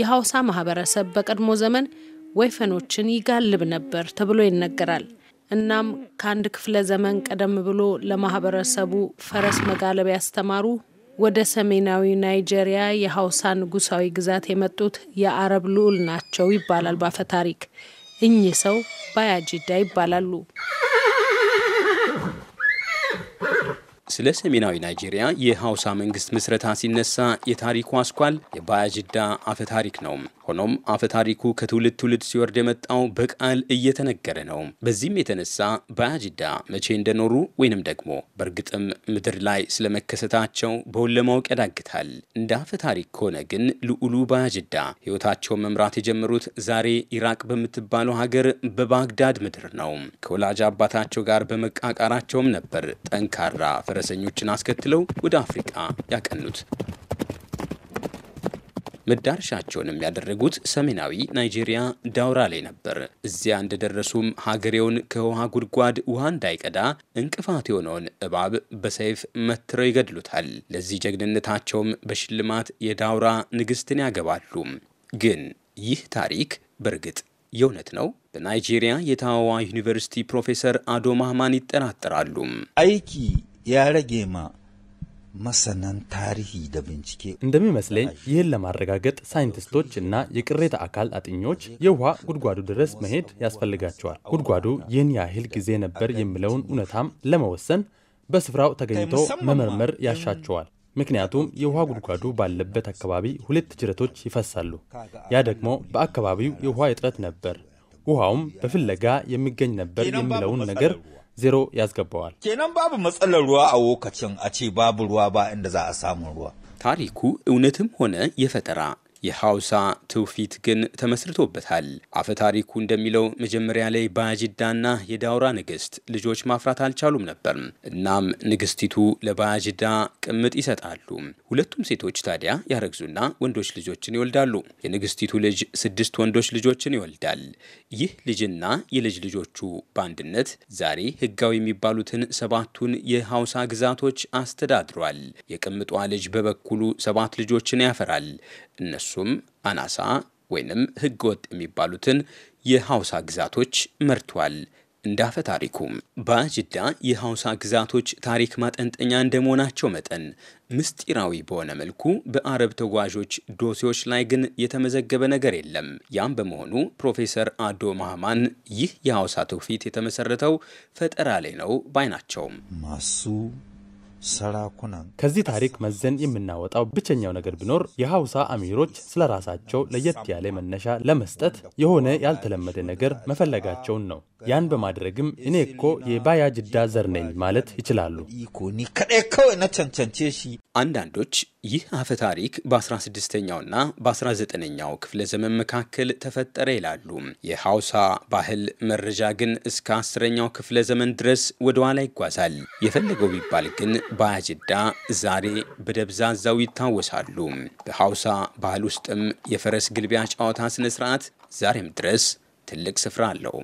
የሐውሳ ማህበረሰብ በቀድሞ ዘመን ወይፈኖችን ይጋልብ ነበር ተብሎ ይነገራል። እናም ከአንድ ክፍለ ዘመን ቀደም ብሎ ለማህበረሰቡ ፈረስ መጋለብ ያስተማሩ ወደ ሰሜናዊ ናይጄሪያ የሐውሳ ንጉሳዊ ግዛት የመጡት የአረብ ልዑል ናቸው ይባላል ባፈ ታሪክ። እኚህ ሰው ባያጂዳ ይባላሉ። ስለ ሰሜናዊ ናይጄሪያ የሐውሳ መንግስት ምስረታ ሲነሳ የታሪኩ አስኳል የባያጅዳ አፈ ታሪክ ነው። ሆኖም አፈታሪኩ ከትውልድ ትውልድ ሲወርድ የመጣው በቃል እየተነገረ ነው። በዚህም የተነሳ ባያጅዳ መቼ እንደኖሩ ወይንም ደግሞ በእርግጥም ምድር ላይ ስለመከሰታቸው በውን ለማወቅ ያዳግታል። እንደ አፈ ታሪክ ከሆነ ግን ልዑሉ ባያጅዳ ህይወታቸውን መምራት የጀመሩት ዛሬ ኢራቅ በምትባለው ሀገር በባግዳድ ምድር ነው። ከወላጅ አባታቸው ጋር በመቃቃራቸውም ነበር ጠንካራ ፈረ ፈረሰኞችን አስከትለው ወደ አፍሪቃ ያቀኑት። መዳረሻቸውንም ያደረጉት ሰሜናዊ ናይጄሪያ ዳውራ ላይ ነበር። እዚያ እንደደረሱም ሀገሬውን ከውሃ ጉድጓድ ውሃ እንዳይቀዳ እንቅፋት የሆነውን እባብ በሰይፍ መትረው ይገድሉታል። ለዚህ ጀግንነታቸውም በሽልማት የዳውራ ንግስትን ያገባሉ። ግን ይህ ታሪክ በእርግጥ የእውነት ነው? በናይጄሪያ የታዋዋ ዩኒቨርሲቲ ፕሮፌሰር አዶ ማህማን ይጠራጠራሉ። አይኪ ya rage ma masanan tarihi da bincike እንደሚመስለኝ ይህን ለማረጋገጥ ሳይንቲስቶች እና የቅሬታ አካል አጥኞች የውሃ ጉድጓዱ ድረስ መሄድ ያስፈልጋቸዋል። ጉድጓዱ ይህን ያህል ጊዜ ነበር የሚለውን እውነታም ለመወሰን በስፍራው ተገኝቶ መመርመር ያሻቸዋል። ምክንያቱም የውሃ ጉድጓዱ ባለበት አካባቢ ሁለት ጅረቶች ይፈሳሉ። ያ ደግሞ በአካባቢው የውሃ እጥረት ነበር፣ ውሃውም በፍለጋ የሚገኝ ነበር የሚለውን ነገር ዜሮ ያስገባዋል። kenan babu matsalar ruwa a lokacin a ce babu ruwa ba inda za a samu ruwa ታሪኩ እውነትም ሆነ የፈጠራ የሐውሳ ትውፊት ግን ተመስርቶበታል። አፈ ታሪኩ እንደሚለው መጀመሪያ ላይ ባያጅዳና የዳውራ ንግስት ልጆች ማፍራት አልቻሉም ነበር። እናም ንግስቲቱ ለባያጅዳ ቅምጥ ይሰጣሉ። ሁለቱም ሴቶች ታዲያ ያረግዙና ወንዶች ልጆችን ይወልዳሉ። የንግስቲቱ ልጅ ስድስት ወንዶች ልጆችን ይወልዳል። ይህ ልጅና የልጅ ልጆቹ በአንድነት ዛሬ ህጋዊ የሚባሉትን ሰባቱን የሐውሳ ግዛቶች አስተዳድሯል። የቅምጧ ልጅ በበኩሉ ሰባት ልጆችን ያፈራል። እነሱ እሱም አናሳ ወይንም ህገወጥ የሚባሉትን የሐውሳ ግዛቶች መርቷል። እንዳፈ ታሪኩም በአጅዳ የሐውሳ ግዛቶች ታሪክ ማጠንጠኛ እንደመሆናቸው መጠን ምስጢራዊ በሆነ መልኩ በአረብ ተጓዦች ዶሴዎች ላይ ግን የተመዘገበ ነገር የለም። ያም በመሆኑ ፕሮፌሰር አዶ ማህማን ይህ የሐውሳ ትውፊት የተመሰረተው ፈጠራ ላይ ነው ባይ ናቸውም። ማሱ ሰራኩናን ከዚህ ታሪክ መዘን የምናወጣው ብቸኛው ነገር ቢኖር የሐውሳ አሚሮች ስለ ራሳቸው ለየት ያለ መነሻ ለመስጠት የሆነ ያልተለመደ ነገር መፈለጋቸውን ነው። ያን በማድረግም እኔ እኮ የባያ ጅዳ ዘር ነኝ ማለት ይችላሉ። አንዳንዶች ይህ አፈ ታሪክ በ16ኛውና በ19ኛው ክፍለ ዘመን መካከል ተፈጠረ ይላሉ። የሐውሳ ባህል መረጃ ግን እስከ አስረኛው ክፍለ ዘመን ድረስ ወደ ኋላ ይጓዛል። የፈለገው ቢባል ግን ባያጅዳ ዛሬ በደብዛዛው ይታወሳሉ። በሐውሳ ባህል ውስጥም የፈረስ ግልቢያ ጨዋታ ስነ ስርዓት ዛሬም ድረስ ትልቅ ስፍራ አለው።